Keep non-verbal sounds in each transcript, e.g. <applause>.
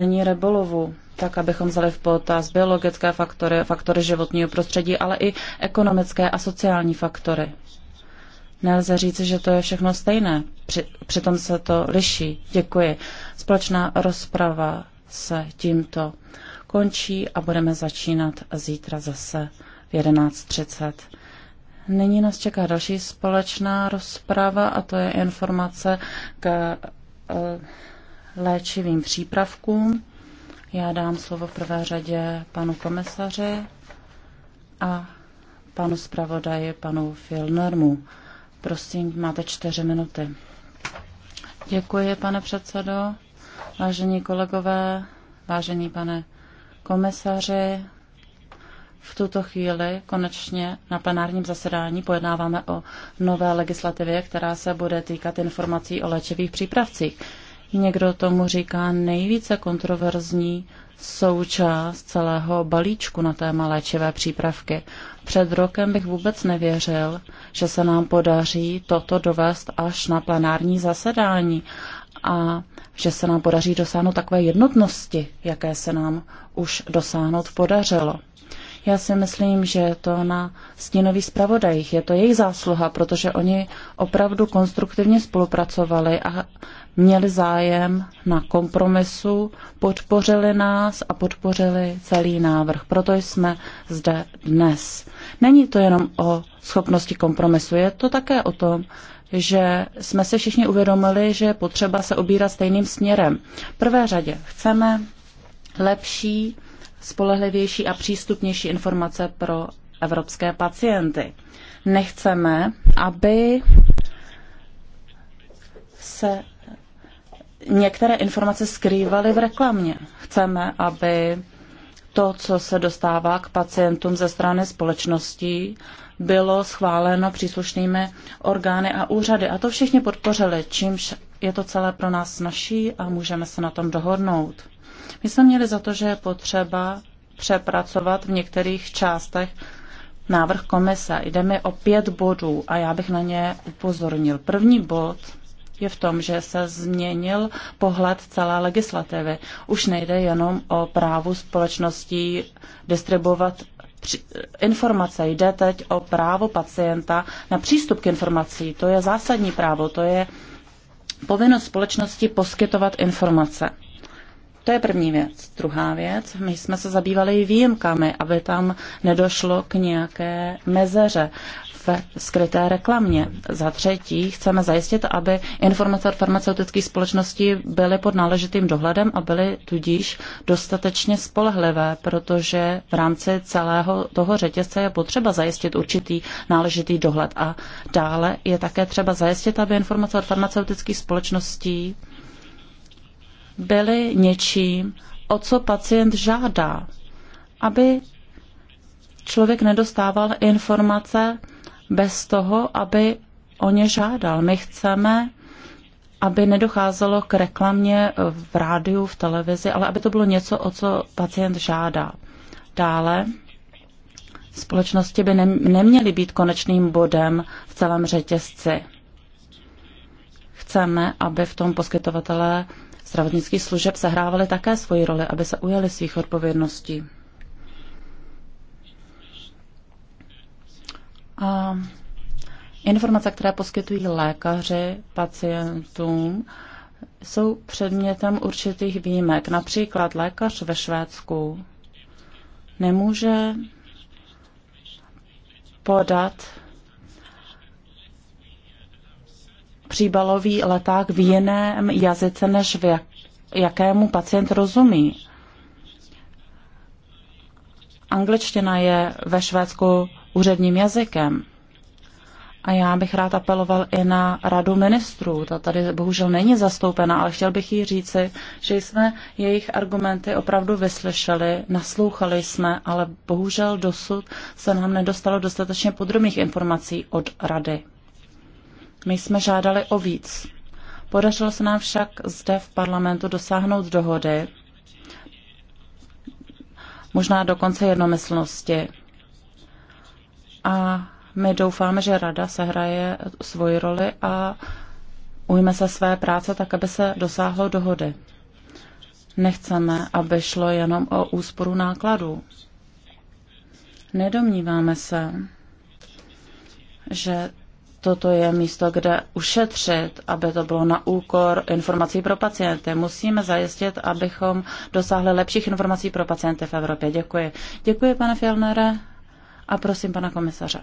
Není rebolovu, tak abychom vzali v potaz biologické faktory, faktory životního prostředí, ale i ekonomické a sociální faktory. Nelze říct, že to je všechno stejné, Při, přitom se to liší. Děkuji. Společná rozprava se tímto končí a budeme začínat zítra zase v 11.30. Nyní nás čeká další společná rozprava a to je informace k. Uh, léčivým přípravkům. Já dám slovo v prvé řadě panu komisaři a panu zpravodaji, panu Filnermu. Prosím, máte čtyři minuty. Děkuji, pane předsedo. Vážení kolegové, vážený pane komisaři, v tuto chvíli konečně na plenárním zasedání pojednáváme o nové legislativě, která se bude týkat informací o léčivých přípravcích. Někdo tomu říká nejvíce kontroverzní součást celého balíčku na téma léčivé přípravky. Před rokem bych vůbec nevěřil, že se nám podaří toto dovést až na plenární zasedání a že se nám podaří dosáhnout takové jednotnosti, jaké se nám už dosáhnout podařilo. Já si myslím, že je to na stínových zpravodajích, je to jejich zásluha, protože oni opravdu konstruktivně spolupracovali a měli zájem na kompromisu, podpořili nás a podpořili celý návrh. Proto jsme zde dnes. Není to jenom o schopnosti kompromisu, je to také o tom, že jsme se všichni uvědomili, že je potřeba se obírat stejným směrem. V prvé řadě chceme lepší, spolehlivější a přístupnější informace pro evropské pacienty. Nechceme, aby se některé informace skrývaly v reklamě. Chceme, aby to, co se dostává k pacientům ze strany společností, bylo schváleno příslušnými orgány a úřady. A to všichni podpořili, čímž je to celé pro nás snažší a můžeme se na tom dohodnout. My jsme měli za to, že je potřeba přepracovat v některých částech návrh komise. Jde mi o pět bodů a já bych na ně upozornil. První bod je v tom, že se změnil pohled celé legislativy. Už nejde jenom o právu společností distribuovat informace. Jde teď o právo pacienta na přístup k informací. To je zásadní právo, to je povinnost společnosti poskytovat informace. To je první věc. Druhá věc, my jsme se zabývali výjimkami, aby tam nedošlo k nějaké mezeře ve skryté reklamě. Za třetí, chceme zajistit, aby informace od farmaceutických společností byly pod náležitým dohledem a byly tudíž dostatečně spolehlivé, protože v rámci celého toho řetězce je potřeba zajistit určitý náležitý dohled. A dále je také třeba zajistit, aby informace od farmaceutických společností byly něčím, o co pacient žádá, aby člověk nedostával informace bez toho, aby o ně žádal. My chceme, aby nedocházelo k reklamě v rádiu, v televizi, ale aby to bylo něco, o co pacient žádá. Dále společnosti by neměly být konečným bodem v celém řetězci. Chceme, aby v tom poskytovatelé zdravotnických služeb sehrávali také svoji roli, aby se ujeli svých odpovědností. A informace, které poskytují lékaři pacientům, jsou předmětem určitých výjimek. Například lékař ve Švédsku nemůže podat příbalový leták v jiném jazyce, než v jak, jakému pacient rozumí. Angličtina je ve Švédsku úředním jazykem. A já bych rád apeloval i na radu ministrů. Ta tady bohužel není zastoupena, ale chtěl bych jí říci, že jsme jejich argumenty opravdu vyslyšeli, naslouchali jsme, ale bohužel dosud se nám nedostalo dostatečně podrobných informací od rady. My jsme žádali o víc. Podařilo se nám však zde v parlamentu dosáhnout dohody, možná dokonce jednomyslnosti a my doufáme, že rada sehraje svoji roli a ujme se své práce tak, aby se dosáhlo dohody. Nechceme, aby šlo jenom o úsporu nákladů. Nedomníváme se, že toto je místo, kde ušetřit, aby to bylo na úkor informací pro pacienty. Musíme zajistit, abychom dosáhli lepších informací pro pacienty v Evropě. Děkuji. Děkuji, pane Fjellnere. A prosím pana komisaře.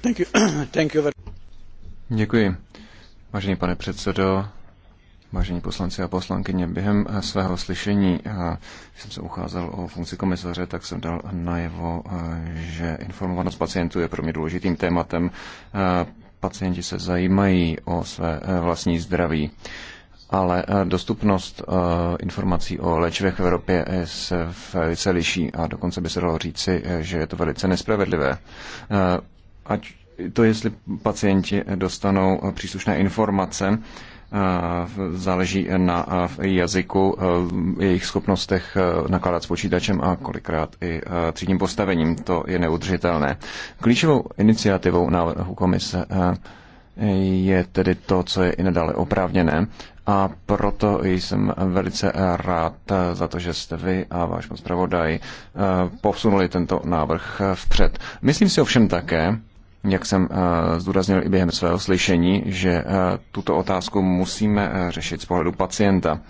Thank you. <clears throat> Thank you. Děkuji. Vážený pane předsedo, Vážení poslanci a poslankyně, během svého slyšení, když eh, jsem se ucházel o funkci komisaře, tak jsem dal najevo, eh, že informovanost pacientů je pro mě důležitým tématem. Eh, pacienti se zajímají o své vlastní zdraví ale eh, dostupnost eh, informací o léčivech v Evropě se velice liší a dokonce by se dalo říci, eh, že je to velice nespravedlivé. Ať to, jestli pacienti dostanou příslušné informace, záleží na jazyku, jejich schopnostech nakládat s počítačem a kolikrát i třídním postavením. To je neudržitelné. Klíčovou iniciativou návrhu komise je tedy to, co je i nadále oprávněné. A proto jsem velice rád za to, že jste vy a váš pan zpravodaj eh, posunuli tento návrh vpřed. Myslím si ovšem také, jak jsem eh, zdůraznil i během svého slyšení, že eh, tuto otázku musíme řešit z pohledu pacienta.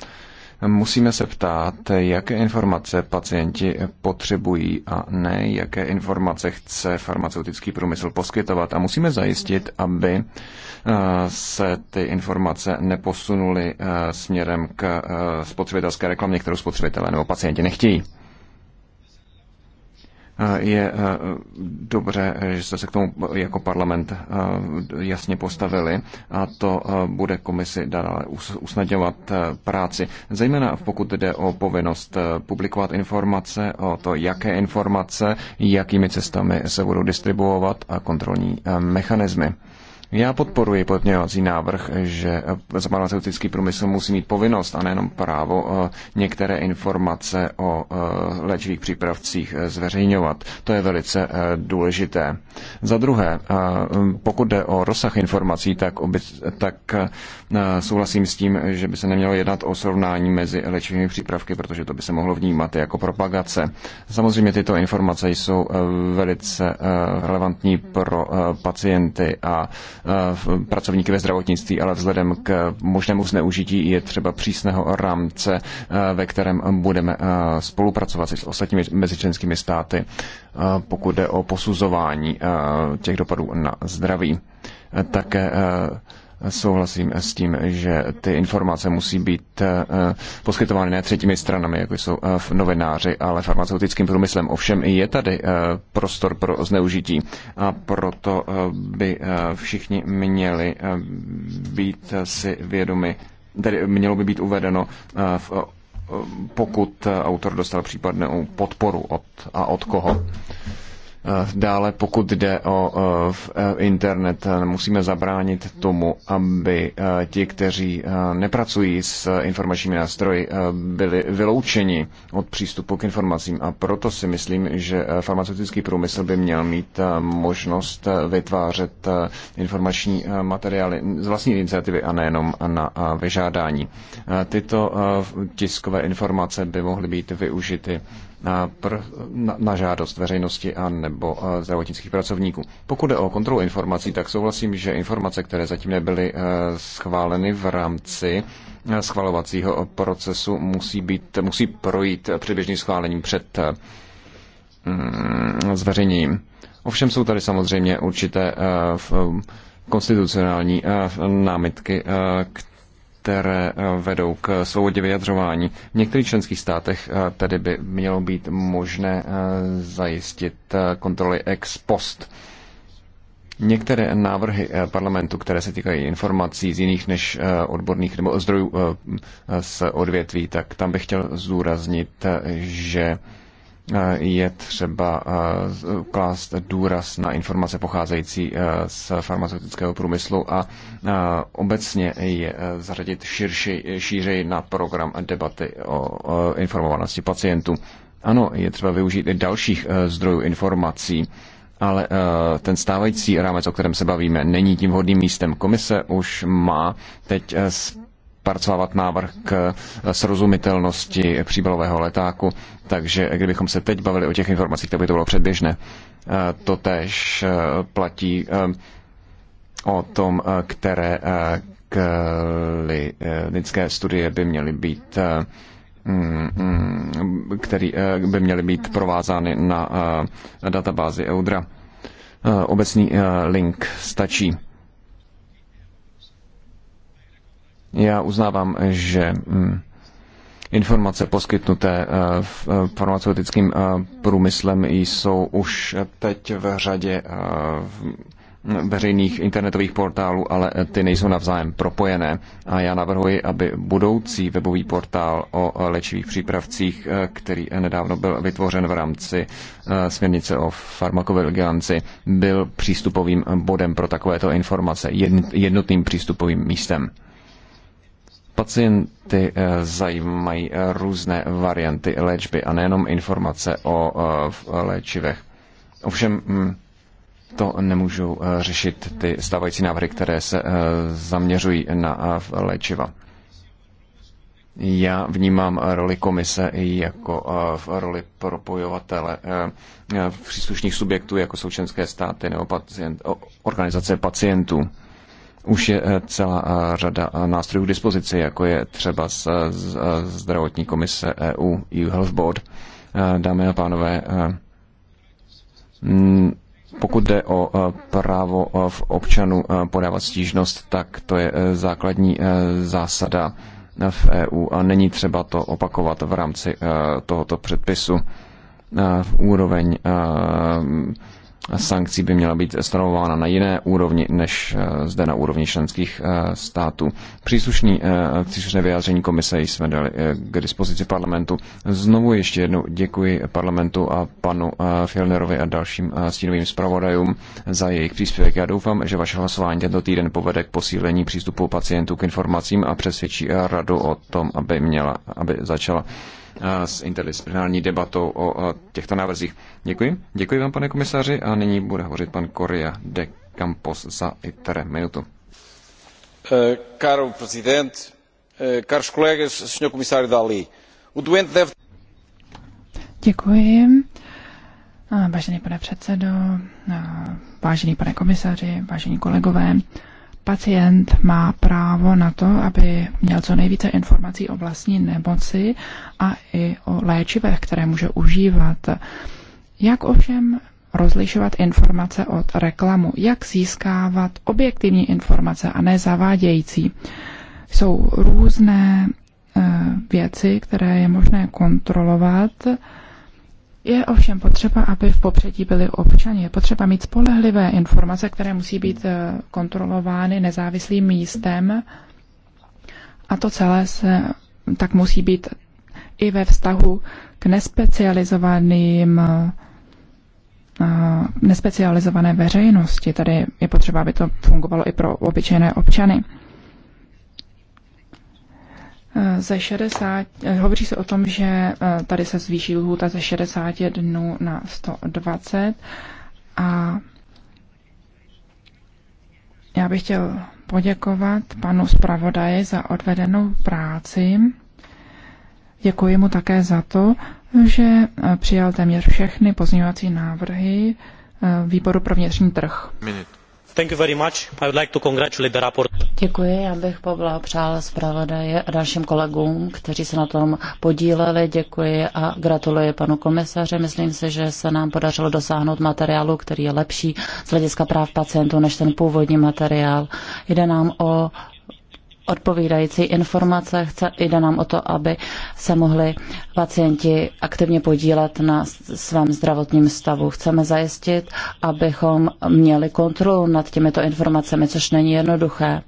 Musíme se ptát, jaké informace pacienti potřebují a ne jaké informace chce farmaceutický průmysl poskytovat. A musíme zajistit, aby eh, se ty informace neposunuly eh, směrem k eh, spotřebitelské reklamě, kterou spotřebitelé nebo pacienti nechtějí. Eh, je eh, dobře, že jste se k tomu jako parlament eh, jasně postavili a to bude komisi dále usnadňovat práci. Zejména pokud jde o povinnost publikovat informace, o to, jaké informace, jakými cestami se budou distribuovat a kontrolní mechanismy. Já podporuji podměňovací návrh, že eh, farmaceutický průmysl musí mít povinnost a nejenom právo eh, některé informace o eh, léčivých přípravcích zveřejňovat. To je velice důležité. Za druhé, pokud jde o rozsah informací, tak, oby, tak souhlasím s tím, že by se nemělo jednat o srovnání mezi léčivými přípravky, protože to by se mohlo vnímat jako propagace. Samozřejmě tyto informace jsou velice relevantní pro pacienty a Eh, pracovníky ve zdravotnictví, ale vzhledem k možnému zneužití je třeba přísného rámce, eh, ve kterém budeme eh, spolupracovat s ostatními mezičenskými státy, pokud jde o posuzování těch dopadů na zdraví. Také souhlasím s tím, že ty informace musí být eh, poskytovány ne třetími stranami, jako jsou eh, novináři, ale farmaceutickým průmyslem. Ovšem je tady eh, prostor pro zneužití a proto by všichni měli být si vědomi, tedy mělo by být uvedeno v pokud autor dostal případnou podporu od, a od koho. Dále, pokud jde o e, internet, e, musíme zabránit tomu, aby e, ti, kteří nepracují s informačními nástroji, byli vyloučeni od přístupu k informacím. A proto si myslím, že farmaceutický průmysl by měl mít možnost vytvářet informační materiály z vlastní iniciativy a nejenom na vyžádání. Tyto tiskové informace by mohly být využity na žádost veřejnosti a nebo eh, zdravotnických pracovníků. Pokud jde o kontrolu informací, tak souhlasím, že informace, které zatím nebyly eh, schváleny v rámci eh, schvalovacího procesu, musí, být, musí projít předběžným schválením před mm, zveřejněním. Ovšem jsou tady samozřejmě určité konstitucionální námitky, které které eh, vedou k svobodě vyjadřování. V některých členských státech eh, tedy by mělo být možné eh, zajistit kontroly ex post. Některé návrhy parlamentu, které se týkají informací z jiných než odborných nebo zdrojů z odvětví, tak tam bych chtěl zdůraznit, že Eh, je třeba eh, klást důraz na informace pocházející eh, z farmaceutického průmyslu a obecně je zařadit širši, šířej na program debaty o informovanosti pacientů. Ano, je třeba využít i dalších zdrojů informací, ale ten stávající rámec, o kterém se bavíme, není tím vhodným místem. Komise už má teď vypracovávat návrh k eh, srozumitelnosti příbalového letáku. Takže eh, kdybychom se teď bavili o těch informacích, tak by to bylo předběžné. Eh, Totež platí o tom, které klinické studie by měly být mm, mm, který by měly být provázány na databázi Eudra. Obecný link stačí. Já uznávám, že mm, informace poskytnuté eh, eh, farmaceutickým eh, průmyslem jsou už teď v řadě veřejných internetových portálů, ale ty nejsou navzájem propojené. A já navrhuji, aby budoucí webový portál o léčivých přípravcích, který nedávno byl vytvořen v rámci směrnice o farmakovigilanci, byl přístupovým bodem pro takovéto informace, jednotným přístupovým místem. Pacienty eh, zajímají eh, různé varianty léčby a nejenom informace o eh, léčivech. Ovšem hm, to nemůžou řešit ty stávající návrhy, které se zaměřují na léčiva. Já vnímám roli komise jako v roli propojovatele příslušných subjektů, jako jsou členské státy nebo pacient, organizace pacientů už je eh, celá eh, řada eh, nástrojů k dispozici, jako je třeba z, z, zdravotní komise EU, EU Health Board. Dámy a pánové, mm, pokud jde o právo v občanu podávat stížnost, tak to je základní zásada v EU a není třeba to opakovat v rámci tohoto předpisu. V úroveň sankcí by měla být stanovována na jiné úrovni než eh, zde na úrovni členských eh, států. Příslušný, eh, příslušné vyjádření komise jsme dali k dispozici parlamentu. Znovu ještě jednou děkuji parlamentu a panu Fjellnerovi a dalším stínovým zpravodajům za jejich příspěvek. Já doufám, že vaše hlasování tento týden povede k posílení přístupu pacientů k informacím a přesvědčí radu o tom, aby, měla, aby začala s interdisciplinární debatou o těchto návrzích. Děkuji. Děkuji vám, pane komisaři, a nyní bude hovořit pan Korea de Campos za ITER minutu. Eh, caro prezident, eh, caros colegas, senhor comissário Dali, o doente deve... Děkuji. Eh, vážený pane předsedo, vážený pane komisaři, vážení kolegové, Pacient má právo na to, aby měl co nejvíce informací o vlastní nemoci a i o léčivech, které může užívat. Jak ovšem rozlišovat informace od reklamu, jak získávat objektivní informace a ne zavádějící. Jsou různé eh, věci, které je možné kontrolovat je ovšem potřeba, aby v popředí byli občani. Je potřeba mít spolehlivé informace, které musí být eh, kontrolovány nezávislým místem. A to celé se tak musí být i ve vztahu k nespecializovaným eh, eh, nespecializované veřejnosti. Tady je potřeba, aby to fungovalo i pro obyčejné občany ze 60, eh, hovoří se o tom, že eh, tady se zvýší lhůta ze 60 dnů na 120 a já bych chtěl poděkovat panu zpravodaji za odvedenou práci. Děkuji mu také za to, že eh, přijal téměř všechny pozměňovací návrhy výboru pro vnitřní trh. Minute. Děkuji, já bych poblahopřál zpravodaje a dalším kolegům, kteří se na tom podíleli. Děkuji a gratuluji panu komisaři. Myslím si, že se nám podařilo dosáhnout materiálu, který je lepší z hlediska práv pacientů než ten původní materiál. Jde nám o odpovídající informace. Chce, jde nám o to, aby se mohli pacienti aktivně podílet na svém zdravotním stavu. Chceme zajistit, abychom měli kontrolu nad těmito informacemi, což není jednoduché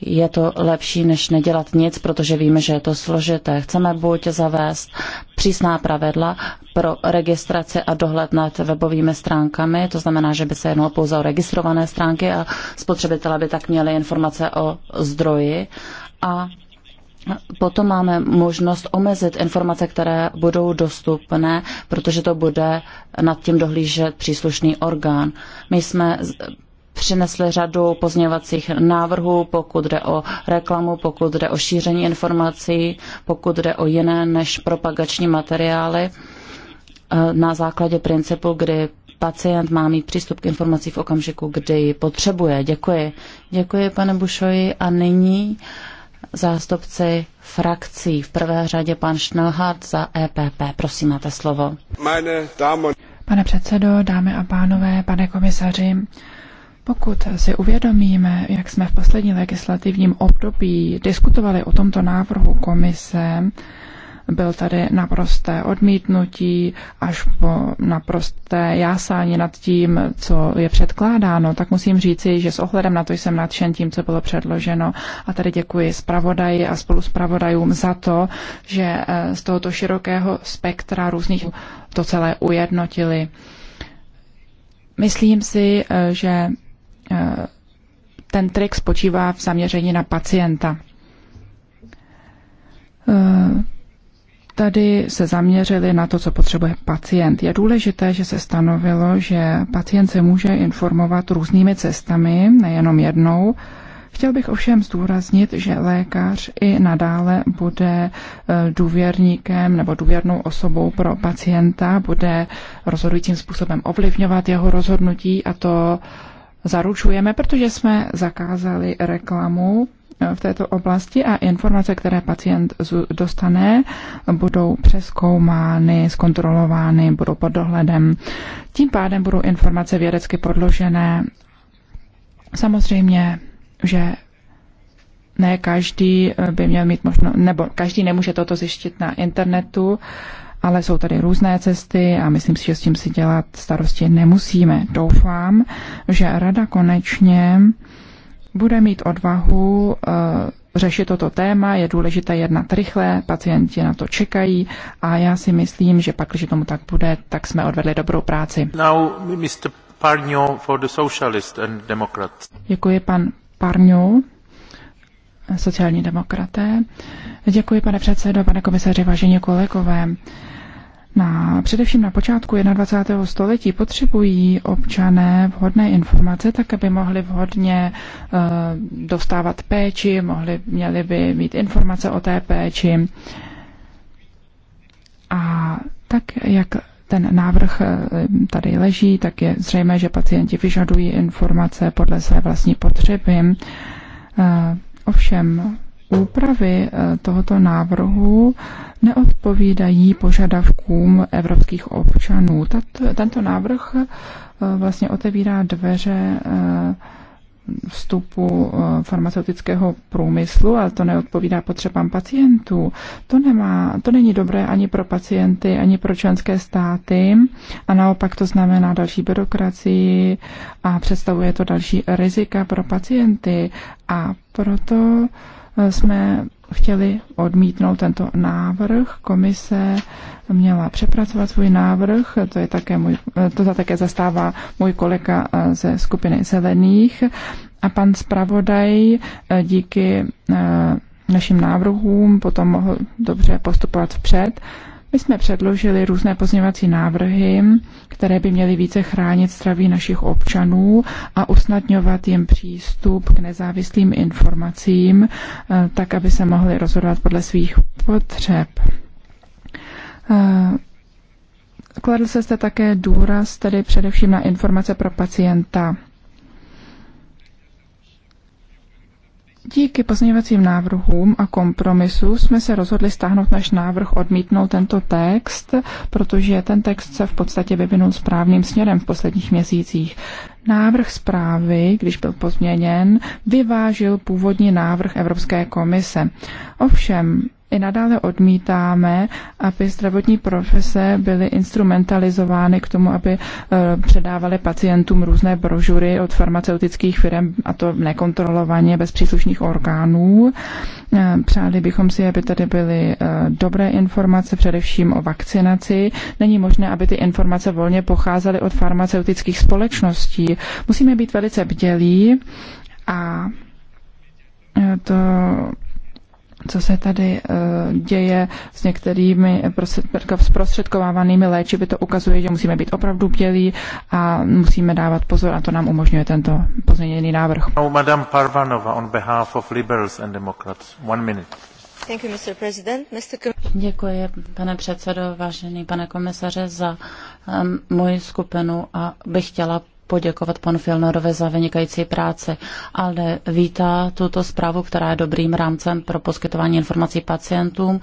je to lepší, než nedělat nic, protože víme, že je to složité. Chceme buď zavést přísná pravidla pro registraci a dohled nad webovými stránkami, to znamená, že by se jednalo pouze o registrované stránky a spotřebitelé by tak měli informace o zdroji a Potom máme možnost omezit informace, které budou dostupné, protože to bude nad tím dohlížet příslušný orgán. My jsme přinesli řadu pozměňovacích návrhů, pokud jde o reklamu, pokud jde o šíření informací, pokud jde o jiné než propagační materiály eh, na základě principu, kdy pacient má mít přístup k informací v okamžiku, kdy ji potřebuje. Děkuji. Děkuji, pane Bušoji. A nyní zástupci frakcí. V prvé řadě pan Schnellhardt za EPP. Prosím, máte slovo. Pane předsedo, dámy a pánové, pane komisaři, pokud si uvědomíme, jak jsme v poslední legislativním období diskutovali o tomto návrhu komise, byl tady naprosté odmítnutí až po naprosté jásání nad tím, co je předkládáno, tak musím říci, že s ohledem na to jsem nadšen tím, co bylo předloženo. A tady děkuji zpravodaji a zpravodajům za to, že eh, z tohoto širokého spektra různých to celé ujednotili. Myslím si, eh, že Eh, ten trik spočívá v zaměření na pacienta. Eh, tady se zaměřili na to, co potřebuje pacient. Je důležité, že se stanovilo, že pacient se může informovat různými cestami, nejenom jednou, Chtěl bych ovšem zdůraznit, že lékař i nadále bude eh, důvěrníkem nebo důvěrnou osobou pro pacienta, bude rozhodujícím způsobem ovlivňovat jeho rozhodnutí a to zaručujeme, protože jsme zakázali reklamu eh, v této oblasti a informace, které pacient dostane, budou přeskoumány, zkontrolovány, budou pod dohledem. Tím pádem budou informace vědecky podložené. Samozřejmě, že ne každý eh, by měl mít možnost, nebo každý nemůže toto zjištit na internetu, ale jsou tady různé cesty a myslím si, že s tím si dělat starosti nemusíme. Doufám, že rada konečně bude mít odvahu eh, řešit toto téma, je důležité jednat rychle, pacienti na to čekají a já si myslím, že pak, když tomu tak bude, tak jsme odvedli dobrou práci. Now, Mr. for the Socialist and Democrats. Děkuji pan Parňo, sociální demokraté. Děkuji pane předsedo, pane komisaři, vážení kolegové na, především na počátku 21. století potřebují občané vhodné informace, tak aby mohli vhodně uh, dostávat péči, mohli, měli by mít informace o té péči. A tak, jak ten návrh eh, tady leží, tak je zřejmé, že pacienti vyžadují informace podle své vlastní potřeby. Uh, ovšem, úpravy eh, tohoto návrhu neodpovídají požadavkům evropských občanů. Tato, tento návrh eh, vlastně otevírá dveře eh, vstupu farmaceutického průmyslu, ale to neodpovídá potřebám pacientů. To, nemá, to není dobré ani pro pacienty, ani pro členské státy a naopak to znamená další byrokracii a představuje to další rizika pro pacienty a proto jsme chtěli odmítnout tento návrh. Komise měla přepracovat svůj návrh, to, je také můj, to také zastává můj kolega eh, ze skupiny Zelených. A pan zpravodaj eh, díky eh, našim návrhům potom mohl dobře postupovat vpřed. My jsme předložili různé pozměňovací návrhy, které by měly více chránit zdraví našich občanů a usnadňovat jim přístup k nezávislým informacím, eh, tak aby se mohli rozhodovat podle svých potřeb. Eh, kladl se zde také důraz tedy především na informace pro pacienta. Díky pozměňovacím návrhům a kompromisu jsme se rozhodli stáhnout náš návrh odmítnout tento text, protože ten text se v podstatě vyvinul správným směrem v posledních měsících. Návrh zprávy, když byl pozměněn, vyvážil původní návrh Evropské komise. Ovšem, i nadále odmítáme, aby zdravotní profese byly instrumentalizovány k tomu, aby eh, předávali pacientům různé brožury od farmaceutických firm a to nekontrolovaně bez příslušných orgánů. Eh, přáli bychom si, aby tady byly eh, dobré informace, především o vakcinaci. Není možné, aby ty informace volně pocházely od farmaceutických společností. Musíme být velice bdělí a to co se tady eh, děje s některými zprostředkovávanými léčivy, to ukazuje, že musíme být opravdu bělí a musíme dávat pozor a to nám umožňuje tento pozměněný návrh. No, Madame Parvanova on behalf of Liberals and Democrats. One minute. Thank you, Mr. President. Mr. Děkuji, pane předsedo, vážený pane komisaře, za um, moji skupinu a bych chtěla poděkovat panu Filnorovi za vynikající práci, ale vítá tuto zprávu, která je dobrým rámcem pro poskytování informací pacientům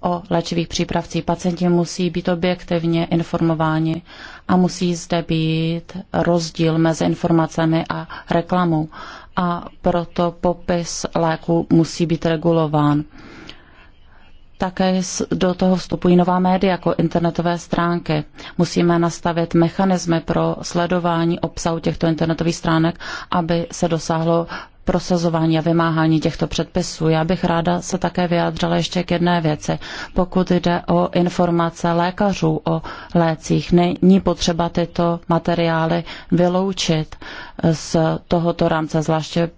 o léčivých přípravcích. Pacienti musí být objektivně informováni a musí zde být rozdíl mezi informacemi a reklamou a proto popis léku musí být regulován také do toho vstupují nová média, jako internetové stránky. Musíme nastavit mechanismy pro sledování obsahu těchto internetových stránek, aby se dosáhlo prosazování a vymáhání těchto předpisů. Já bych ráda se také vyjádřila ještě k jedné věci. Pokud jde o informace lékařů o lécích, není potřeba tyto materiály vyloučit z tohoto rámce, zvláště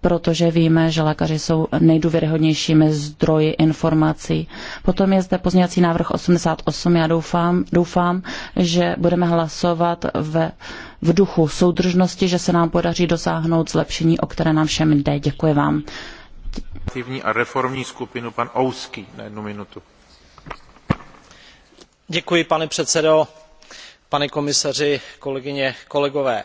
protože víme, že lékaři jsou nejdůvěryhodnějšími zdroji informací. Potom je zde pozměňovací návrh 88. Já doufám, doufám že budeme hlasovat ve, v duchu soudržnosti, že se nám podaří dosáhnout zlepšení, o které nám všem jde. Děkuji vám. A reformní skupinu pan Ouský na jednu minutu. Děkuji, pane předsedo, pane komisaři, kolegyně, kolegové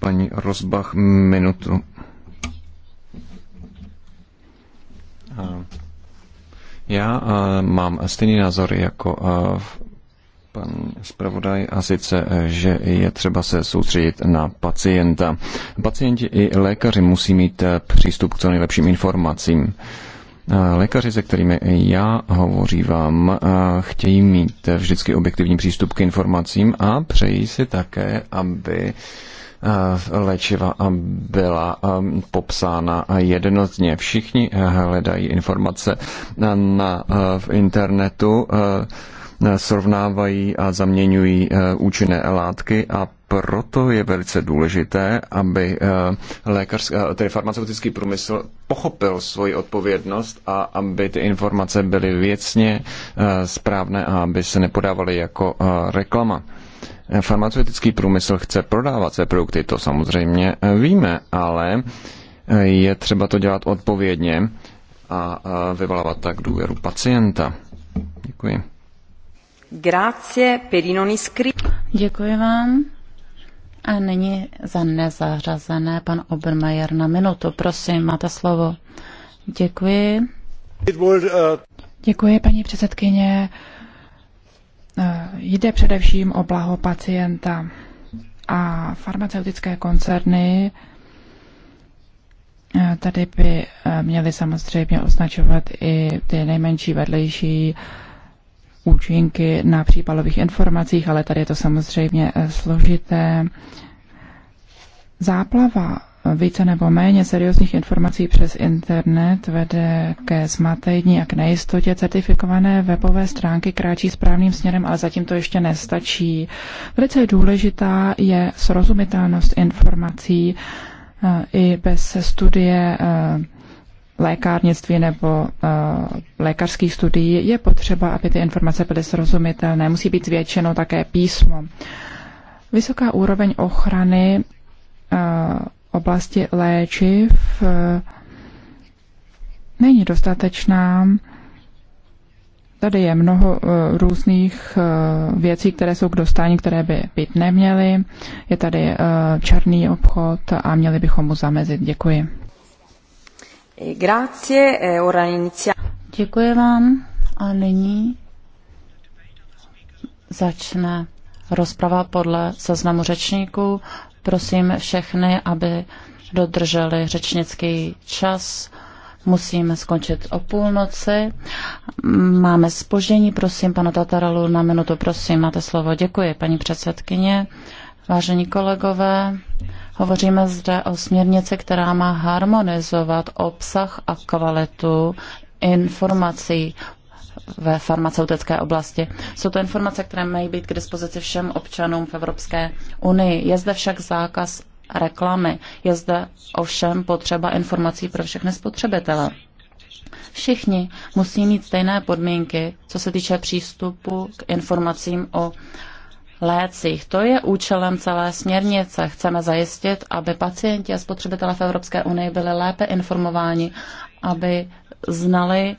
paní Rozbach minutu. Já mám stejný názor jako pan zpravodaj, a sice, že je třeba se soustředit na pacienta. Pacienti i lékaři musí mít e, přístup k co nejlepším informacím. Lékaři, se kterými já hovořím, vám, chtějí mít vždycky objektivní přístup k informacím a přejí si také, aby léčiva byla popsána jednotně. Všichni hledají informace na, v internetu srovnávají a zaměňují účinné látky a proto je velice důležité, aby eh, lékařský, eh, tedy farmaceutický průmysl pochopil svoji odpovědnost a aby ty informace byly věcně eh, správné a aby se nepodávaly jako reklama. Farmaceutický průmysl chce prodávat své produkty, to samozřejmě víme, ale je třeba to dělat odpovědně a vyvolávat tak důvěru pacienta. Děkuji. Grazie per i non iscritti. Děkuji vám. A nyní za nezařazené pan Obermajer na minutu. Prosím, máte slovo. Děkuji. Děkuji, paní předsedkyně. Eh, jde především o blaho pacienta a farmaceutické koncerny eh, tady by eh, měly samozřejmě označovat i ty nejmenší vedlejší uh, účinky na případových informacích, ale tady je to samozřejmě eh, složité. Záplava více nebo méně seriózních informací přes internet vede ke zmatení a k nejistotě. Certifikované webové stránky kráčí správným směrem, ale zatím to ještě nestačí. Velice důležitá je srozumitelnost informací eh, i bez studie eh, lékárnictví nebo eh, lékařských studií, je potřeba, aby ty informace byly srozumitelné. Musí být zvětšeno také písmo. Vysoká úroveň ochrany eh, oblasti léčiv eh, není dostatečná. Tady je mnoho různých věcí, které jsou k dostání, které by být neměly. Je tady černý obchod a měli bychom mu zamezit. Děkuji. Eh, Děkuji vám a nyní začne rozprava podle seznamu řečníků. Prosím všechny, aby dodrželi řečnický čas. Musíme skončit o půlnoci. Máme spoždění, prosím, pana Tataralu, na minutu, prosím, máte slovo. Děkuji, paní předsedkyně, vážení kolegové. Hovoříme zde o směrnici, která má harmonizovat obsah a kvalitu informací ve farmaceutické oblasti. Jsou to informace, které mají být k dispozici všem občanům v Evropské unii. Je zde však zákaz reklamy. Je zde ovšem potřeba informací pro všechny spotřebitele. Všichni musí mít stejné podmínky, co se týče přístupu k informacím o lécích. To je účelem celé směrnice. Chceme zajistit, aby pacienti a spotřebitelé v Evropské unii byli lépe informováni, aby znali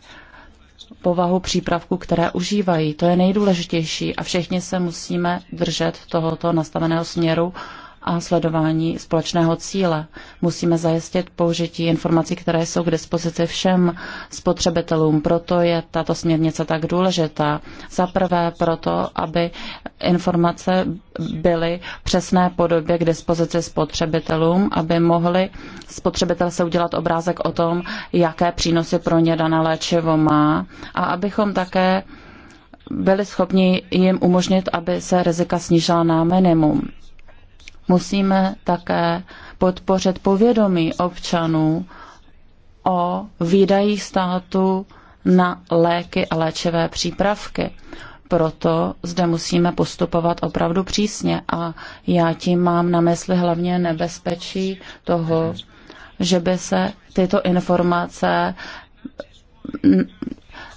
povahu přípravku, které užívají. To je nejdůležitější a všichni se musíme držet tohoto nastaveného směru a sledování společného cíle. Musíme zajistit použití informací, které jsou k dispozici všem spotřebitelům. Proto je tato směrnice tak důležitá. Za prvé proto, aby informace byly přesné podobě k dispozici spotřebitelům, aby mohli spotřebitel se udělat obrázek o tom, jaké přínosy pro ně dané léčivo má a abychom také byli schopni jim umožnit, aby se rizika snížila na minimum. Musíme také podpořit povědomí občanů o výdajích státu na léky a léčivé přípravky. Proto zde musíme postupovat opravdu přísně a já tím mám na mysli hlavně nebezpečí toho, že by se tyto informace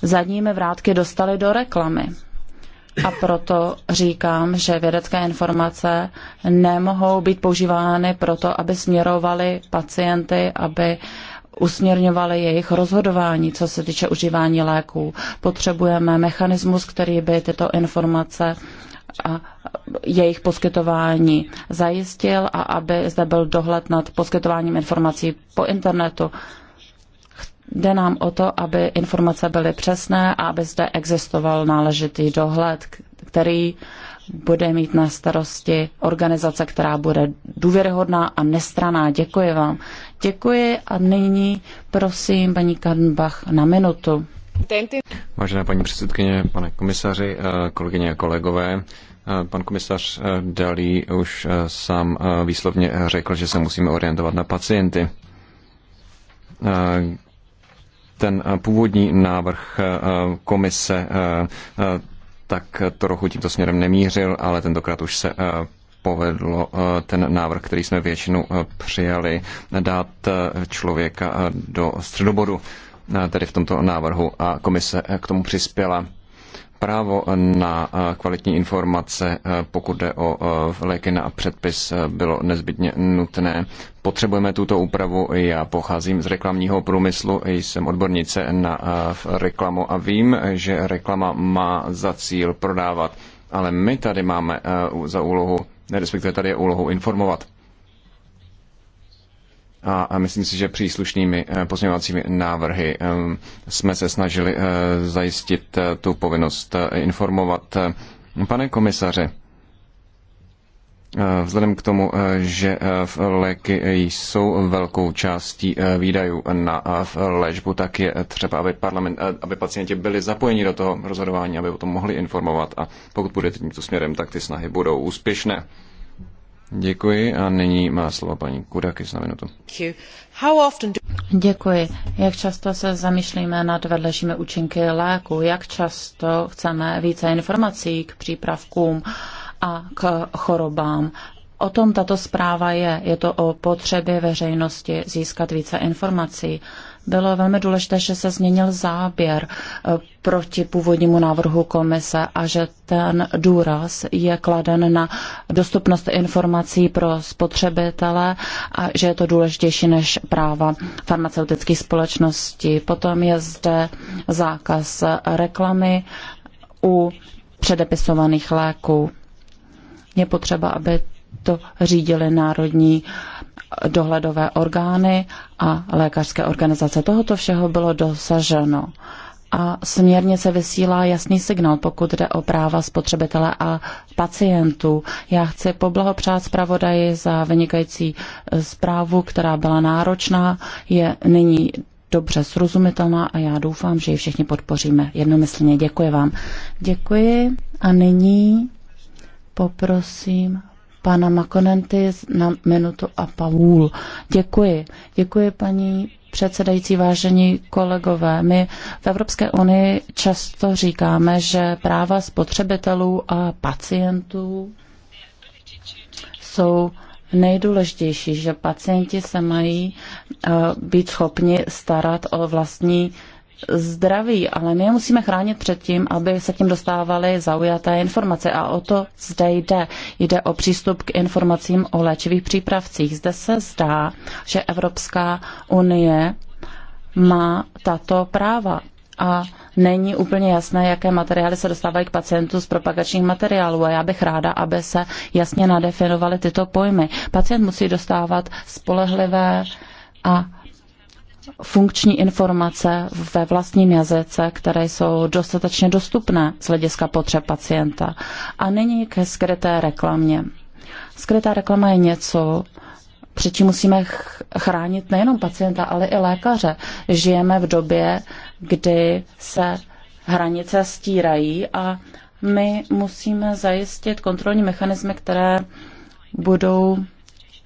zadními vrátky dostaly do reklamy. A proto říkám, že vědecké informace nemohou být používány proto, aby směrovali pacienty, aby usměrňovaly jejich rozhodování, co se týče užívání léků. Potřebujeme mechanismus, který by tyto informace a jejich poskytování zajistil a aby zde byl dohled nad poskytováním informací po internetu. Jde nám o to, aby informace byly přesné a aby zde existoval náležitý dohled, který bude mít na starosti organizace, která bude důvěryhodná a nestraná. Děkuji vám. Děkuji a nyní prosím paní Kadenbach na minutu. Vážená paní předsedkyně, pane komisaři, eh, kolegyně a kolegové, eh, Pan komisař eh, Dalí už sám výslovně řekl, že se musíme orientovat na pacienty ten eh, původní návrh eh, komise eh, tak trochu tímto směrem nemířil, ale tentokrát už se povedlo ten návrh, který jsme většinu přijali, dát člověka do středobodu, tedy v tomto návrhu a komise k tomu přispěla. Právo na eh, kvalitní informace, eh, pokud jde o eh, léky na předpis, bylo nezbytně nutné. Potřebujeme tuto úpravu. Já pocházím z reklamního průmyslu, jsem odbornice na reklamu a vím, že reklama má za cíl prodávat, ale my tady máme za úlohu, respektive tady je úlohou informovat a myslím si, že příslušnými eh, pozměňovacími návrhy eh, jsme se snažili eh, zajistit tu povinnost informovat. Pane komisaře, Vzhledem k tomu, že léky jsou velkou částí výdajů na léčbu, tak je třeba, aby, parlament, aby pacienti byli zapojeni do toho rozhodování, aby o tom mohli informovat. A pokud budete tímto směrem, tak ty snahy budou úspěšné. Děkuji a nyní má slovo paní Kudakis na minutu. Děkuji. Jak často se zamýšlíme nad vedlejšími účinky léku? Jak často chceme více informací k přípravkům a k chorobám? O tom tato zpráva je. Je to o potřebě veřejnosti získat více informací. Bylo velmi důležité, že se změnil záběr eh, proti původnímu návrhu komise a že ten důraz je kladen na dostupnost informací pro spotřebitele a že je to důležitější než práva farmaceutických společností. Potom je zde zákaz reklamy u předepisovaných léků. Je potřeba, aby to řídily národní dohledové orgány a lékařské organizace. Tohoto všeho bylo dosaženo. A směrnice vysílá jasný signál, pokud jde o práva spotřebitele a pacientů. Já chci poblahopřát zpravodaji za vynikající eh, zprávu, která byla náročná, je nyní dobře srozumitelná a já doufám, že ji všichni podpoříme jednomyslně. Děkuji vám. Děkuji a nyní poprosím pana Makonenty na minutu a půl. Děkuji. Děkuji paní předsedající, vážení kolegové. My v Evropské unii často říkáme, že práva spotřebitelů a pacientů jsou nejdůležitější, že pacienti se mají eh, být schopni starat o vlastní zdraví, ale my je musíme chránit před tím, aby se tím dostávaly zaujaté informace a o to zde jde. Jde o přístup k informacím o léčivých přípravcích. Zde se zdá, že Evropská unie má tato práva a není úplně jasné, jaké materiály se dostávají k pacientu z propagačních materiálů a já bych ráda, aby se jasně nadefinovaly tyto pojmy. Pacient musí dostávat spolehlivé a funkční informace ve vlastním jazyce, které jsou dostatečně dostupné z hlediska potřeb pacienta. A nyní ke skryté reklamě. Skrytá reklama je něco, před čím musíme chránit nejenom pacienta, ale i lékaře. Žijeme v době, kdy se hranice stírají a my musíme zajistit kontrolní mechanismy, které budou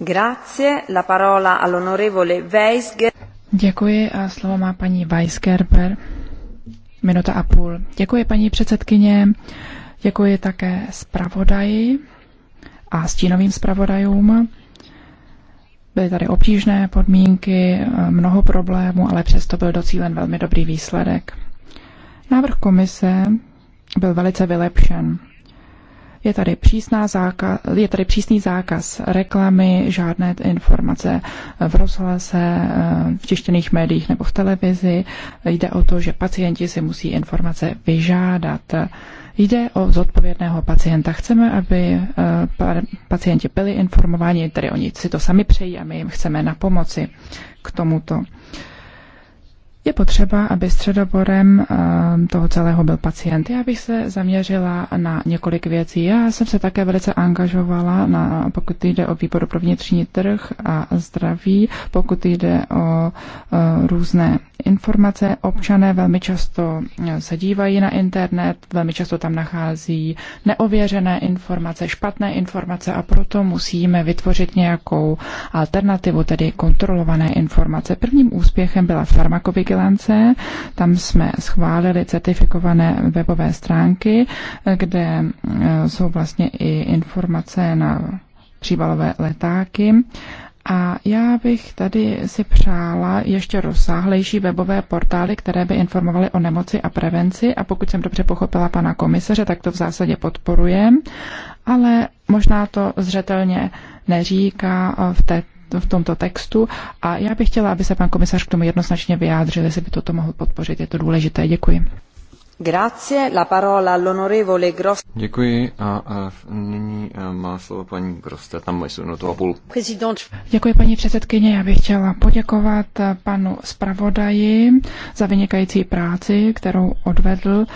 Grazie, la parola all'onorevole Weisger. Děkuji a slovo má paní Weisgerber. Minuta a půl. Děkuji paní předsedkyně, děkuji také zpravodaji a stínovým zpravodajům. Byly tady obtížné podmínky, mnoho problémů, ale přesto byl docílen velmi dobrý výsledek. Návrh komise byl velice vylepšen. Je tady, přísná zákaz, je tady přísný zákaz reklamy, žádné informace v rozhlase, eh, v tištěných médiích nebo v televizi. Jde o to, že pacienti si musí informace vyžádat. Jde o zodpovědného pacienta. Chceme, aby eh, pacienti byli informováni, tedy oni si to sami přejí a my jim chceme na pomoci k tomuto. Je potřeba, aby středoborem eh, toho celého byl pacient. Já bych se zaměřila na několik věcí. Já jsem se také velice angažovala, na, pokud jde o výboru pro vnitřní trh a zdraví, pokud jde o eh, různé informace. Občané velmi často eh, se dívají na internet, velmi často tam nachází neověřené informace, špatné informace a proto musíme vytvořit nějakou alternativu, tedy kontrolované informace. Prvním úspěchem byla farmakovigilance. Tam jsme schválili certifikované webové stránky, eh, kde eh, jsou vlastně i informace na příbalové letáky a já bych tady si přála ještě rozsáhlejší webové portály, které by informovaly o nemoci a prevenci. A pokud jsem dobře pochopila pana komisaře, tak to v zásadě podporujem, ale možná to zřetelně neříká eh, v, té, v tomto textu. A já bych chtěla, aby se pan komisař k tomu jednoznačně vyjádřil, jestli by toto mohl podpořit. Je to důležité. Děkuji. Děkuji a, a nyní e, má slovo paní Děkuji paní předsedkyně, já bych chtěla poděkovat e, panu zpravodaji za vynikající práci, kterou odvedl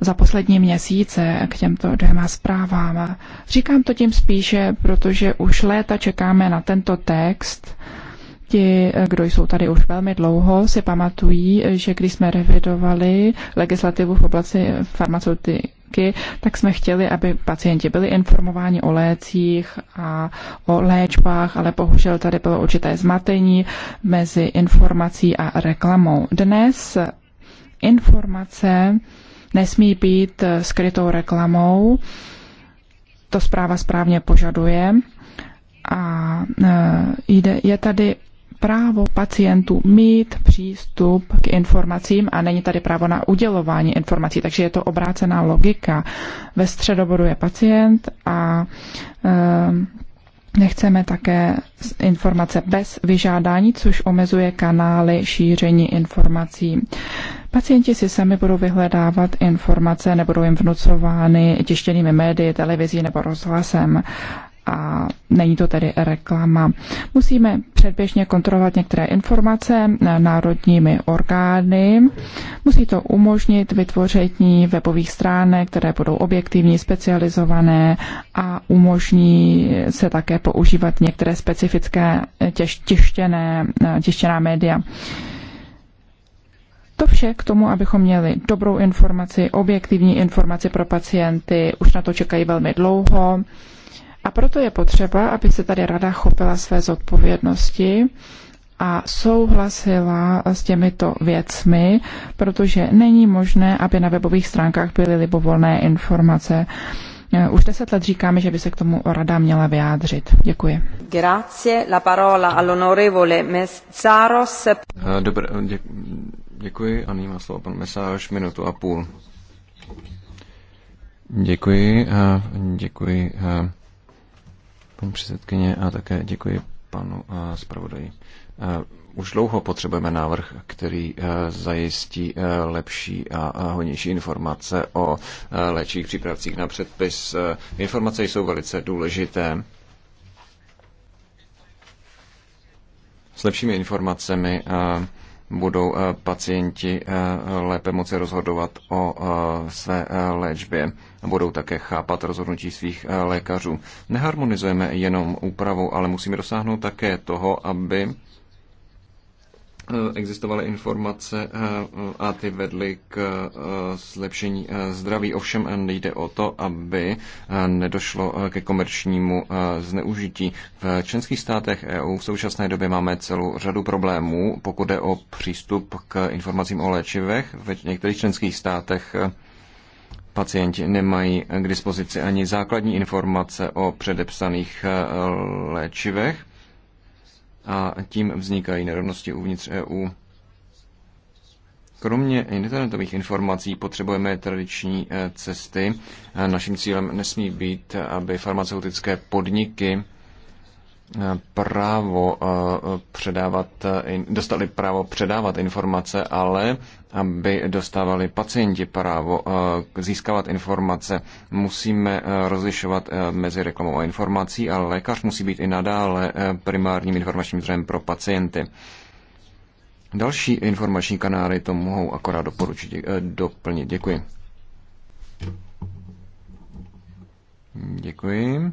za poslední měsíce k těmto dvěma zprávám. Říkám to tím spíše, protože už léta čekáme na tento text, Ti, kdo jsou tady už velmi dlouho, si pamatují, že když jsme revidovali legislativu v oblasti farmaceutiky, tak jsme chtěli, aby pacienti byli informováni o lécích a o léčbách, ale bohužel tady bylo určité zmatení mezi informací a reklamou. Dnes informace nesmí být skrytou reklamou, to zpráva správně požaduje. A e, je tady právo pacientů mít přístup k informacím a není tady právo na udělování informací, takže je to obrácená logika. Ve středobodu je pacient a ehm, Nechceme také informace bez vyžádání, což omezuje kanály šíření informací. Pacienti si sami budou vyhledávat informace, nebudou jim vnucovány tištěnými médii, televizí nebo rozhlasem a není to tedy reklama. Musíme předběžně kontrolovat některé informace národními orgány. Musí to umožnit vytvoření webových stránek, které budou objektivní, specializované a umožní se také používat některé specifické těž, tištěné, média. To vše k tomu, abychom měli dobrou informaci, objektivní informaci pro pacienty, už na to čekají velmi dlouho. A proto je potřeba, aby se tady rada chopila své zodpovědnosti a souhlasila s těmito věcmi, protože není možné, aby na webových stránkách byly libovolné informace. Eh, už deset let říkáme, že by se k tomu rada měla vyjádřit. Děkuji. Grazie. La parola all'onorevole Mezzaros. Eh, Dobr, eh, děkuji a nyní má slovo pan Mezzaros minutu a půl. Děkuji, děkuji paní předsedkyně, a také děkuji panu eh, zpravodaji. Eh, už dlouho potřebujeme návrh, který eh, zajistí lepší a hodnější informace o léčivých přípravcích na předpis. Informace jsou velice důležité. S lepšími informacemi budou eh, pacienti eh, lépe moci rozhodovat o eh, své léčbě. Budou také chápat rozhodnutí svých lékařů. Neharmonizujeme jenom úpravou, ale musíme dosáhnout také toho, aby Eh, existovaly informace eh, a ty vedly k eh, zlepšení zdraví. Ovšem nejde o to, aby nedošlo ke komerčnímu zneužití. V členských státech EU v současné době máme celou řadu problémů, pokud jde o přístup k informacím o léčivech. V některých členských státech pacienti nemají k dispozici ani základní informace o předepsaných léčivech a tím vznikají nerovnosti uvnitř EU. Kromě internetových informací potřebujeme tradiční eh, cesty. Eh, naším cílem nesmí být, aby farmaceutické podniky Eh, právo eh, předávat, eh, dostali právo předávat informace, ale aby dostávali pacienti právo získávat informace, musíme rozlišovat mezi reklamou a informací, ale lékař musí být i nadále primárním informačním zdrojem pro pacienty. Další informační kanály to mohou akorát doporučit, doplnit. Děkuji. Děkuji.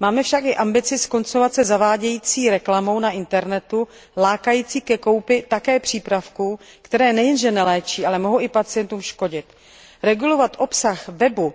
máme však i ambici skoncovat se zavádějící reklamou na internetu lákající ke koupi také přípravků které nejenže neléčí ale mohou i pacientům škodit. regulovat obsah webu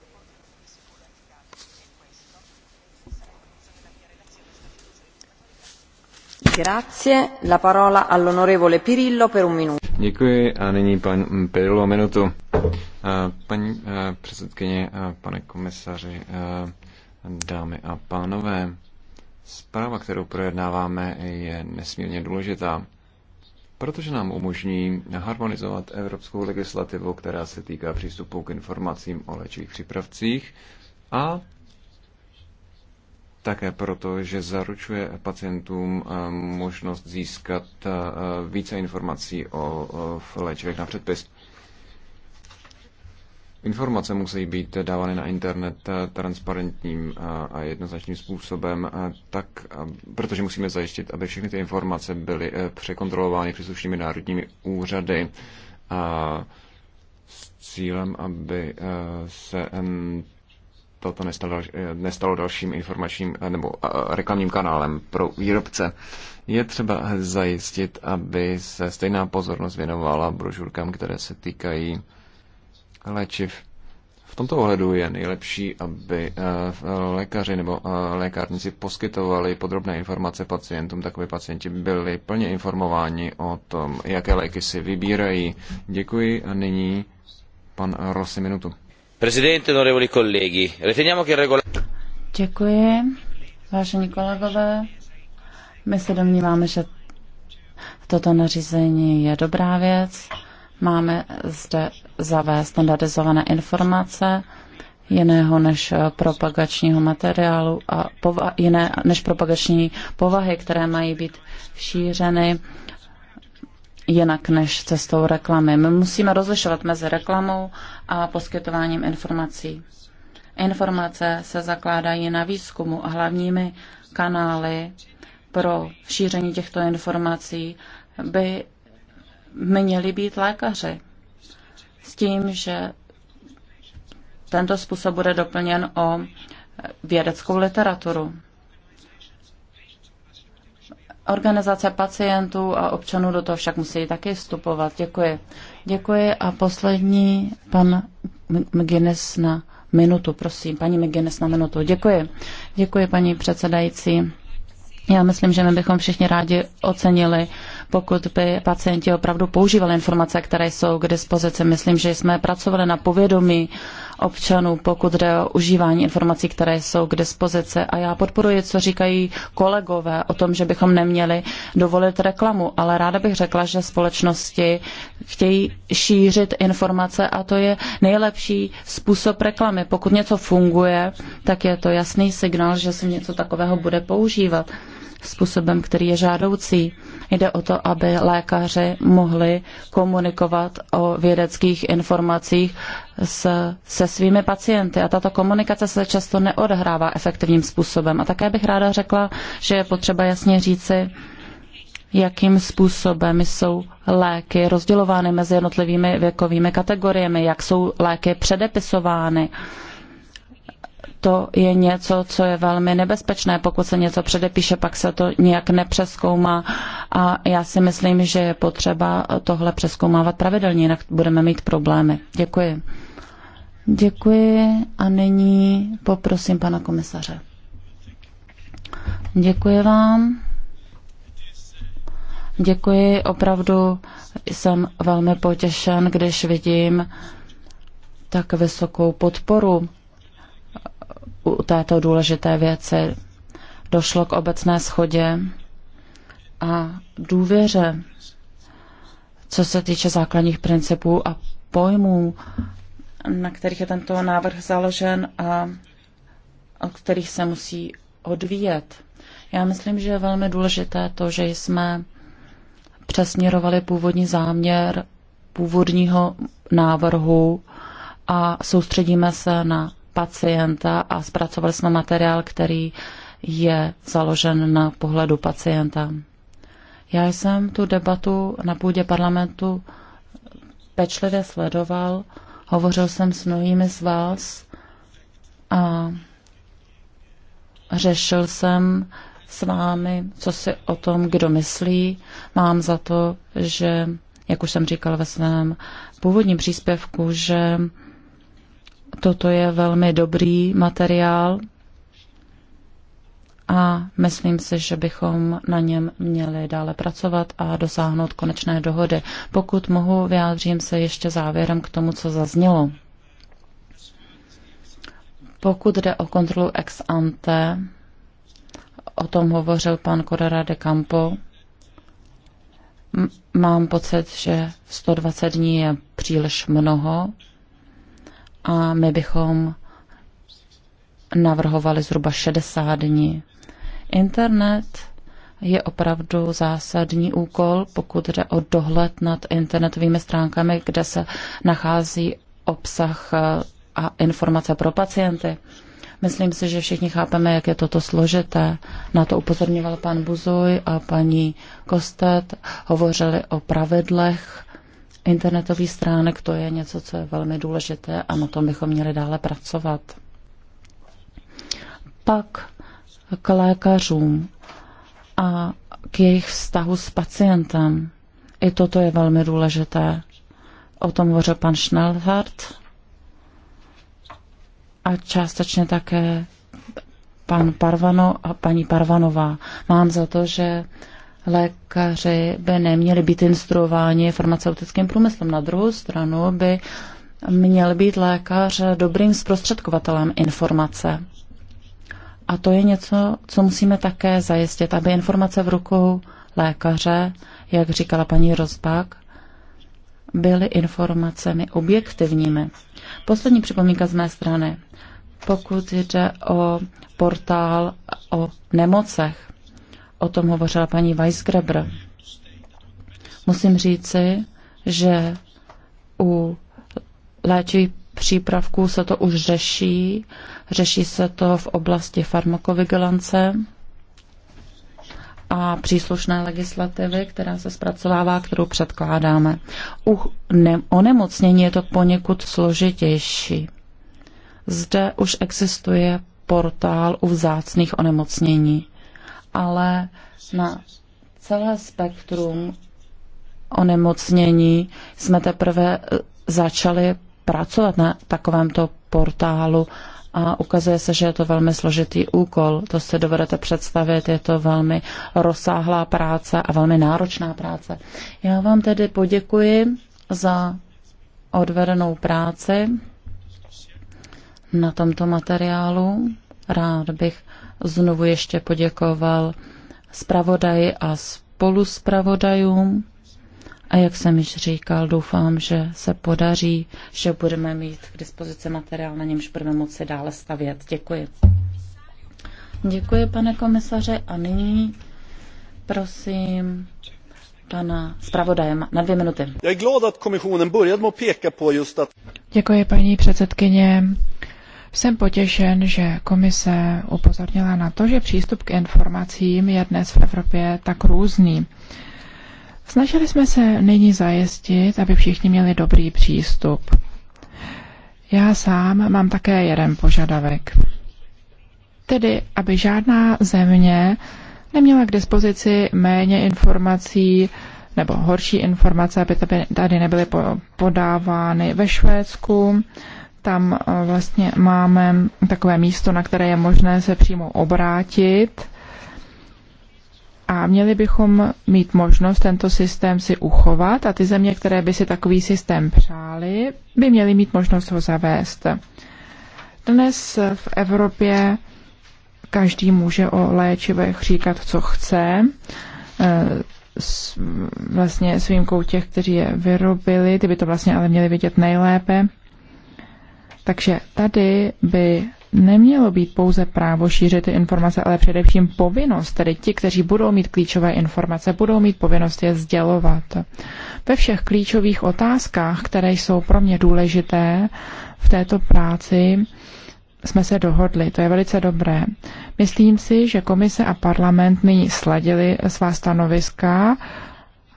Děkuji a nyní pan Pirillo minutu. Paní předsedkyně, pane komisaři, dámy a pánové, zpráva, kterou projednáváme, je nesmírně důležitá, protože nám umožní harmonizovat evropskou legislativu, která se týká přístupu k informacím o léčivých přípravcích a také proto, že zaručuje pacientům eh, možnost získat eh, více informací o léčivech na předpis. Informace musí být dávány na internet eh, transparentním a jednoznačným způsobem, tak, protože musíme zajistit, aby všechny ty informace byly překontrolovány příslušnými národními úřady a s cílem, aby se toto nestalo, eh, nestalo dalším informačním eh, nebo eh, reklamním kanálem pro výrobce. Je třeba zajistit, aby se stejná pozornost věnovala brožurkám, které se týkají léčiv. V tomto ohledu je nejlepší, aby lékaři nebo lékárníci poskytovali podrobné informace pacientům, tak aby pacienti byli plně informováni o tom, jaké léky si vybírají. Děkuji a nyní pan Rosy minutu. Presidente, onorevoli colleghi, riteniamo che il regolamento... Děkuji, vážení kolegové. My se domníváme, že toto nařízení je dobrá věc. Máme zde zavést standardizované informace jiného než propagačního materiálu a pova- jiné než propagační povahy, které mají být šířeny jinak než cestou reklamy. My musíme rozlišovat mezi reklamou a poskytováním informací. Informace se zakládají na výzkumu a hlavními kanály pro šíření těchto informací by měli být lékaři. S tím, že tento způsob bude doplněn o vědeckou literaturu. Organizace pacientů a občanů do toho však musí taky vstupovat. Děkuji. Děkuji a poslední pan McGuinness na minutu, prosím. Paní McGuinness na minutu. Děkuji. Děkuji, paní předsedající. Já myslím, že my bychom všichni rádi ocenili, pokud by pacienti opravdu používali informace, které jsou k dispozici. Myslím, že jsme pracovali na povědomí uh, občanů, pokud jde o užívání informací, které jsou k dispozici. A já podporuji, co říkají kolegové o tom, že bychom neměli dovolit reklamu, ale ráda bych řekla, že společnosti chtějí šířit informace a to je nejlepší způsob reklamy. Pokud něco funguje, tak je to jasný signál, že se něco takového bude používat způsobem, který je žádoucí. Jde o to, aby lékaři mohli komunikovat o vědeckých informacích s, se svými pacienty. A tato komunikace se často neodhrává efektivním způsobem. A také bych ráda řekla, že je potřeba jasně říci, jakým způsobem jsou léky rozdělovány mezi jednotlivými věkovými kategoriemi, jak jsou léky předepisovány to je něco, co je velmi nebezpečné. Pokud se něco předepíše, pak se to nějak nepřeskoumá a já si myslím, že je potřeba tohle přeskoumávat pravidelně, jinak budeme mít problémy. Děkuji. Děkuji a nyní poprosím pana komisaře. Děkuji vám. Děkuji, opravdu jsem velmi potěšen, když vidím tak vysokou podporu u této důležité věci došlo k obecné schodě a důvěře, co se týče základních principů a pojmů, na kterých je tento návrh založen a o kterých se musí odvíjet. Já myslím, že je velmi důležité to, že jsme přesměrovali původní záměr původního návrhu a soustředíme se na pacienta a zpracovali jsme materiál, který je založen na pohledu pacienta. Já jsem tu debatu na půdě parlamentu pečlivě sledoval, hovořil jsem s mnohými z vás a řešil jsem s vámi, co si o tom, kdo myslí. Mám za to, že, jak už jsem říkal ve svém původním příspěvku, že Toto je velmi dobrý materiál a myslím si, že bychom na něm měli dále pracovat a dosáhnout konečné dohody. Pokud mohu, vyjádřím se ještě závěrem k tomu, co zaznělo. Pokud jde o kontrolu ex ante, o tom hovořil pan Correra de Campo, mám pocit, že 120 dní je příliš mnoho a my bychom navrhovali zhruba 60 dní. Internet je opravdu zásadní úkol, pokud jde o dohled nad internetovými stránkami, kde se nachází obsah eh, a informace pro pacienty. Myslím si, že všichni chápeme, jak je toto složité. Na to upozorňoval pan Buzuj a paní Kostet. Hovořili o pravidlech internetových stránek, to je něco, co je velmi důležité a na tom bychom měli dále pracovat. Pak k lékařům a k jejich vztahu s pacientem. I toto je velmi důležité. O tom hovořil pan Schnellhardt a částečně také pan Parvano a paní Parvanová. Mám za to, že lékaři by neměli být instruováni farmaceutickým průmyslem. Na druhou stranu by měl být lékař dobrým zprostředkovatelem informace. A to je něco, co musíme také zajistit, aby informace v rukou lékaře, jak říkala paní Rozbak, byly informacemi objektivními. Poslední připomínka z mé strany. Pokud jde o portál o nemocech, o tom hovořila paní Weisgraber. Musím říci, že u léčivých přípravků se to už řeší. Řeší se to v oblasti farmakovigilance a příslušné legislativy, která se zpracovává, kterou předkládáme. U ne- onemocnění je to poněkud složitější. Zde už existuje portál u vzácných onemocnění ale na celé spektrum onemocnění jsme teprve eh, začali pracovat na takovémto portálu a ukazuje se, že je to velmi složitý úkol. To si dovedete představit, je to velmi rozsáhlá práce a velmi náročná práce. Já vám tedy poděkuji za odvedenou práci na tomto materiálu. Rád bych znovu ještě poděkoval zpravodaji a spoluzpravodajům. A jak jsem již říkal, doufám, že se podaří, že budeme mít k dispozici materiál, na němž budeme moci dále stavět. Děkuji. Děkuji, pane komisaře. A nyní prosím pana zpravodaje na dvě minuty. Děkuji, paní předsedkyně. Jsem potěšen, že komise upozornila na to, že přístup k informacím je dnes v Evropě tak různý. Snažili jsme se nyní zajistit, aby všichni měli dobrý přístup. Já sám mám také jeden požadavek. Tedy, aby žádná země neměla k dispozici méně informací nebo horší informace, aby tady nebyly podávány ve Švédsku tam eh, vlastně máme takové místo, na které je možné se přímo obrátit a měli bychom mít možnost tento systém si uchovat a ty země, které by si takový systém přáli, by měly mít možnost ho zavést. Dnes v Evropě každý může o léčivech říkat, co chce, eh, vlastně s výjimkou těch, kteří je vyrobili, ty by to vlastně ale měli vidět nejlépe. Takže tady by nemělo být pouze právo šířit ty informace, ale především povinnost, tedy ti, kteří budou mít klíčové informace, budou mít povinnost je sdělovat. Ve všech klíčových otázkách, které jsou pro mě důležité v této práci, jsme se dohodli, to je velice dobré. Myslím si, že komise a parlament nyní sladili svá stanoviska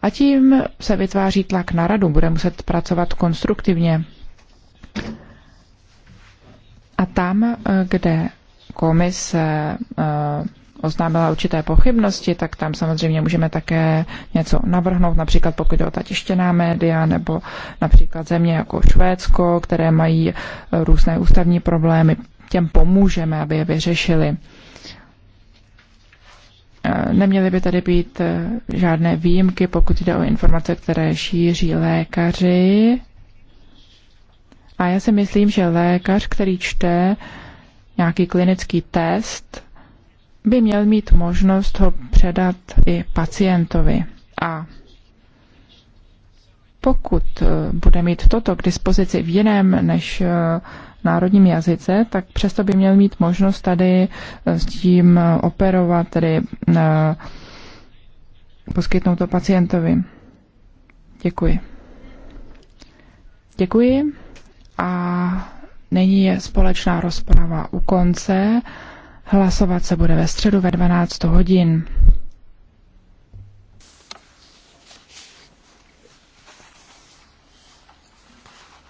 a tím se vytváří tlak na radu, bude muset pracovat konstruktivně. A tam, eh, kde komise eh, oznámila určité pochybnosti, tak tam samozřejmě můžeme také něco navrhnout, například pokud jde o ta tištěná média, nebo například země jako Švédsko, které mají eh, různé ústavní problémy, těm pomůžeme, aby je vyřešili. Neměly by tady být žádné výjimky, pokud jde o informace, které šíří lékaři a já si myslím, že lékař, který čte nějaký klinický test, by měl mít možnost ho předat i pacientovi. A pokud eh, bude mít toto k dispozici v jiném než eh, národním jazyce, tak přesto by měl mít možnost tady eh, s tím operovat, tedy poskytnout to pacientovi. Děkuji. Děkuji a nyní je společná rozprava u konce. Hlasovat se bude ve středu ve 12 hodin.